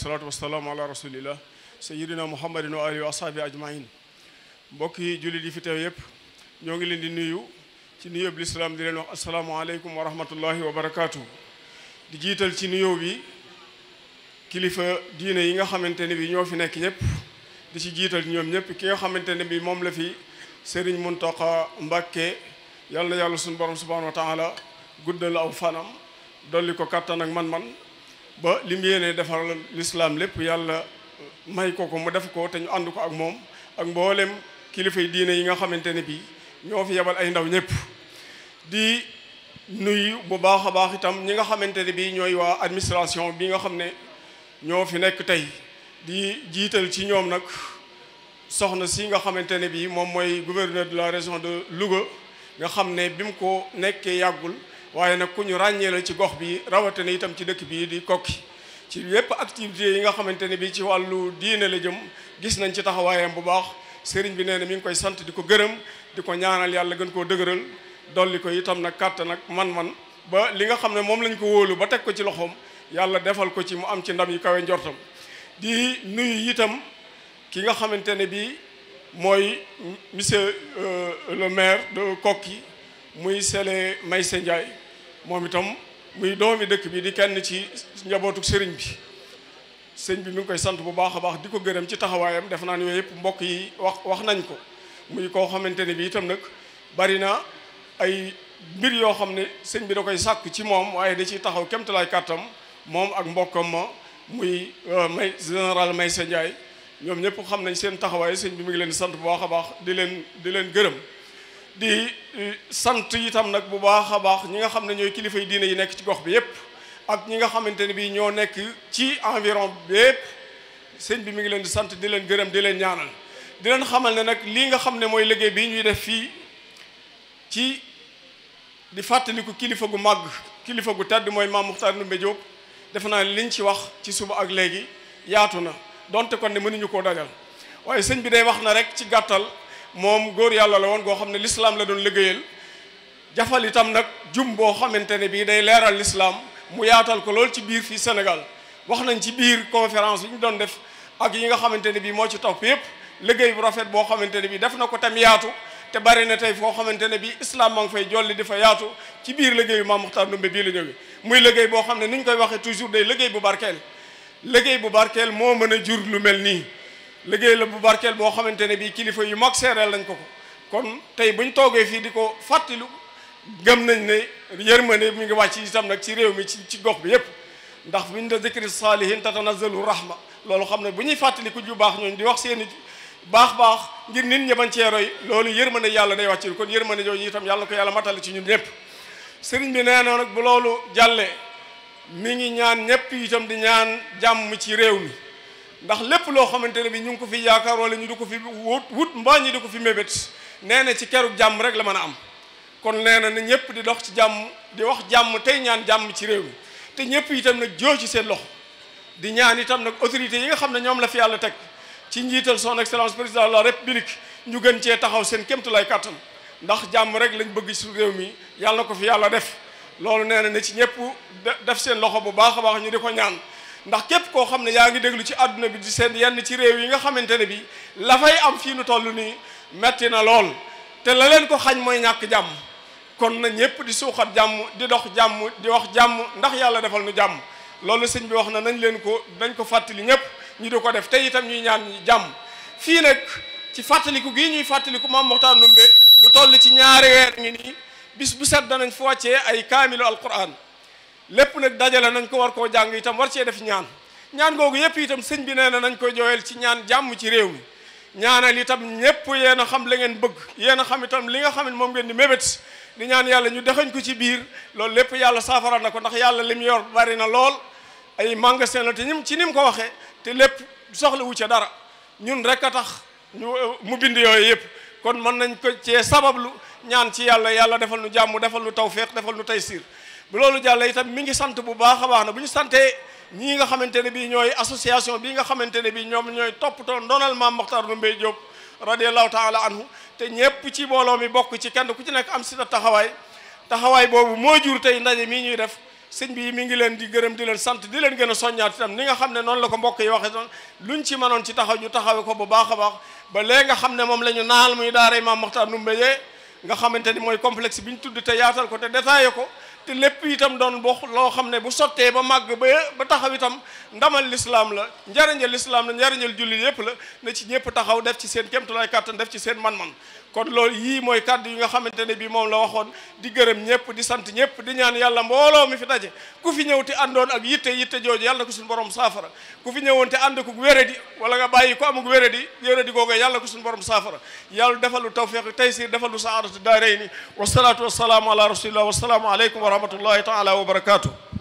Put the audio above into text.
salaatu wasalaamu ala rasulillah sayidina muhammadin wa alihi wa ajmain mbokk yi jullit yi fi teew yëpp ñoo ngi leen di nuyu ci nuyób lislaam di leen wax asalaamaaleykum wa rahmatullahi wa barakaatu. di jiital ci nuyoo bi kilifa diina yi nga xamante ne bi ñoo fi nekk ñëpp di ci jiital ñoom ñëpp ki nga xamante ne bi moom la fi sëriñ Muntaqa Mbàkke yàlla yàlla suñu borom subhanahu wa taala guddal aw fanam dolli ko kàttan ak man-man ba lim mu yéene defaral lislaam lépp yàlla may ko ko mu def ko te ñu ànd ko ak moom ak mboolem kilifa yi diine yi nga xamante ne bii ñoo fi yebal ay ndaw ñëpp di nuyu bu baax a baax itam ñi nga xamante ne bii ñooy waa administration bi nga xam ne ñoo fi nekk tey di jiital ci ñoom nag soxna si nga xamante ne bii moom mooy gouverneur de la région de Louga nga xam ne bi mu ko nekkee yàggul waaye nag ku ñu ràññee la ci gox bi rawatina itam ci dëkk bii di kokki ci yépp activité yi nga xamante ne bi ci wàllu diine la jëm gis nañ ci taxawaayam bu baax sëriñ bi nee na mi ngi koy sant di ko gërëm di ko ñaanal yàlla gën koo dëgëral dolli ko itam nag kàttan ak man-man ba li nga xam ne moom lañ ko wóolu ba teg ko ci loxoom yàlla defal ko ci mu am ci ndam yi kawe njortam di nuyu itam ki nga xamante ne bi mooy monsieur euh, le maire de Koki muy Sele Maysa Ndiaye moom itam muy doomi dëkk bi di kenn ci njabootu sëriñ bi sëñ bi mi ngi koy sant bu baax a baax di ko gërëm ci taxawaayam def naa ne yooyu yëpp mbokk yi wax wax nañ ko muy koo xamante ne bi itam nag bari na ay mbir yoo xam ne sëñ bi da koy sàkk ci moom waaye da ciy taxaw kemtalaay kàttam moom ak mbokkam ma muy euh, may général Maysa Ndiaye ñoom ñëpp xam nañ seen taxawaay sëñ bi mi ngi leen sant bu baax a baax di leen di leen gërëm di sant yitam nag bu baax a baax ñi nga xam ne ñooy kilifa yi diine yi nekk ci gox bi yépp ak ñi nga xamante ne bii ñoo nekk ci environ bi yépp sëñ bi mu ngi leen di sant di leen gërëm di leen ñaanal di leen xamal ne nag lii nga xam ne mooy liggéey bii ñuy def fii ci di fàttaliku kilifa gu màgg kilifa gu tedd mooy maam Muxtaar Ndumbe Jóob defe naa liñ ci wax ci suba ak léegi yaatu na donte kon ne mënuñu koo dajal waaye sëñ bi day wax na rek ci gàttal moom góor yàlla la woon goo xam ne lislaam la doon liggéeyal jafal itam nag jum boo xamante ne bii day leeral lislaam mu yaatal ko lool ci biir fii Sénégal wax nañ ci biir conférence yi ñu doon def ak yi nga xamante ne bii moo ci topp yépp liggéey bu rafet boo xamante ne bii def na ko tam yaatu te bari na tey foo xamante ne bii islam maa ngi fay jolli dafa fa yaatu ci biir liggéeyu Maam Makhtar Ndoumbe bii la jóge muy liggéey boo xam ne ni ñu koy waxee toujours day liggéey bu barkeel liggéey bu barkeel moo mën a jur lu mel nii liggéey la bu barkeel boo xamante ne bii kilifa yu mag seereel lañ ko ko kon tey bu ñu toogee fii di ko fàttaliku gëm nañ ne yërmande mi ngi wàcc itam nag ci réew mi ci ci gox bi yépp ndax buñ da zikri saalihin tatanazalu rahma loolu xam ne bu ñuy ku ju baax ñooñ di wax seeni baax baax ngir nit ñi bañ cee roy loolu yërmande yàlla day wàcc kon yërmande jooju itam yàlla ko yàlla matale ci ñun ñëpp sëriñ bi nee na nag bu loolu jàllee mi ngi ñaan ñëpp itam di ñaan jàmm ci réew mi ndax lépp loo xamante ne bi ñu ngi ko fi yaakaaroo wala ñu di ko fi wut wut mbaa ñi di ko fi mébét nee na ci keru jàmm rek la mën a am kon nee na na ñëpp di dox ci jàmm di wax jàmm tey ñaan jàmm ci réew mi te ñëpp itam nag joo ci seen loxo di ñaan itam nag autorité yi nga xam ne ñoom la fi yàlla teg ci njiital son excellence président de la république ñu gën cee taxaw seen kémtulaay kàttan ndax jàmm rek lañ bëgg ci réew mi yàlla na ko fi yàlla def loolu nee na ci ñëpp def seen loxo bu baax a baax ñu di ko ñaan ndax képp koo xam ne yaa ngi déglu ci àdduna bi di seen yenn ci réew yi nga xamante ne bi la fay am fii nu toll nii metti na lool te la leen ko xañ mooy ñàkk jàmm kon na ñépp di suuxat jàmm di dox jàmm di wax jàmm ndax yàlla defal nu jàmm loolu sëñ bi wax na nañ leen ko dañ ko fàttali ñépp ñu di ko def te itam ñuy ñaan ñi jàmm fii nag ci fàttaliku gii ñuy fàttaliku maam Moxtaar Ndumbe lu toll ci ñaari weer ngi nii bis bu set danañ fu wàccee ay kaamilu alquran lépp nag dajale nañ ko war koo jàng itam war cee def ñaan ñaan googu yëpp itam sëñ bi nee na nañ ko jooyal ci ñaan jàmm ci réew mi ñaanal itam ñëpp yéen a xam la ngeen bëgg yéen a xam itam li nga xam ne moom ngeen di mébét di ñaan yàlla ñu dexañ ko ci biir loolu lépp yàlla saafara na ko ndax yàlla lim yor bari na lool ay magasin la te ñim ci ni ko waxee te lépp soxla wu dara ñun rek a tax ñu euh, mu bind yooyu yëpp kon mën nañ ko cee sabablu ñaan ci yàlla yàlla defal nu jàmm defal nu tawféex defal nu taysiir bu loolu jàllee itam mi ngi sant bu baax baax na bu ñu santee ñii nga xamante ne bii ñooy association bii nga xamante ne bii ñoom ñooy toppatoo ndonal maam Mokhtar Ndoumbe Diop radiallahu taala anhu te ñépp ci mbooloo mi bokk ci kenn ku ci nekk am si na taxawaay taxawaay boobu moo jur tey ndaje mii ñuy def sëñ bi mi ngi leen di gërëm di leen sant di leen gën a soññaat itam ni nga xam ne noonu la ko mbokk yi waxee noonu luñ ci mënoon ci taxaw ñu taxawee ko bu baax a baax ba léegi nga xam ne moom la ñu naal muy daaray maam Mokhtar Ndoumbe nga xamante mooy complexe bi ñu tudd te yaatal ko te détaillé ko te lépp itam doon boo loo xam ne bu sottee ba màgg ba ba taxaw itam ndamal lislaam la njariñal lislaam la njariñal jullit yépp la na ci ñépp taxaw def ci seen kémtulaay kàttan def ci seen man-man kon loolu yii mooy kàddu yi nga xamante ne bii moom la waxoon di gërëm ñëpp di sant ñëpp di ñaan yàlla mbooloo mi fi daje ku fi ñëw ti àndoon ak yitte yitte jooju yàlla ko suñu borom saafara ku fi ñëwoon te ànd ko wéredi wala nga bàyyi ko amuk wéredi wéredi yàlla ko suñu borom saafara yàlla defalu tawfiq taysir defalu saadatu daarayni wasalaatu wasalaamu ala rasulillah wasalaamu aleykum wa rahmatullahi taala wa barakaatu.